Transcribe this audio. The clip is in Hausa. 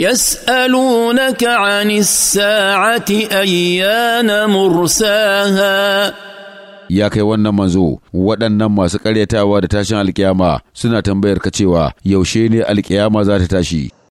يسالونك عن الساعه ايان مرساها ya kai wannan manzo waɗannan masu ƙaryatawa da tashin alƙiyama suna tambayar ka cewa yaushe ne alƙiyama za ta tashi